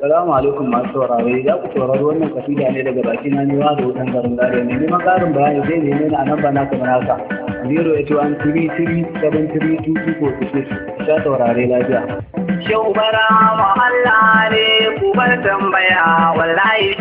Salamu alaikum masu saurare, za ku saurari wannan kafida ne daga baki na newa da wutan garin gari ne. Neman ƙarin bayani zai neme ni a nan ba na kamar haka. six sha saurare lafiya. Shau bara wa Allah ne ku bar tambaya wallahi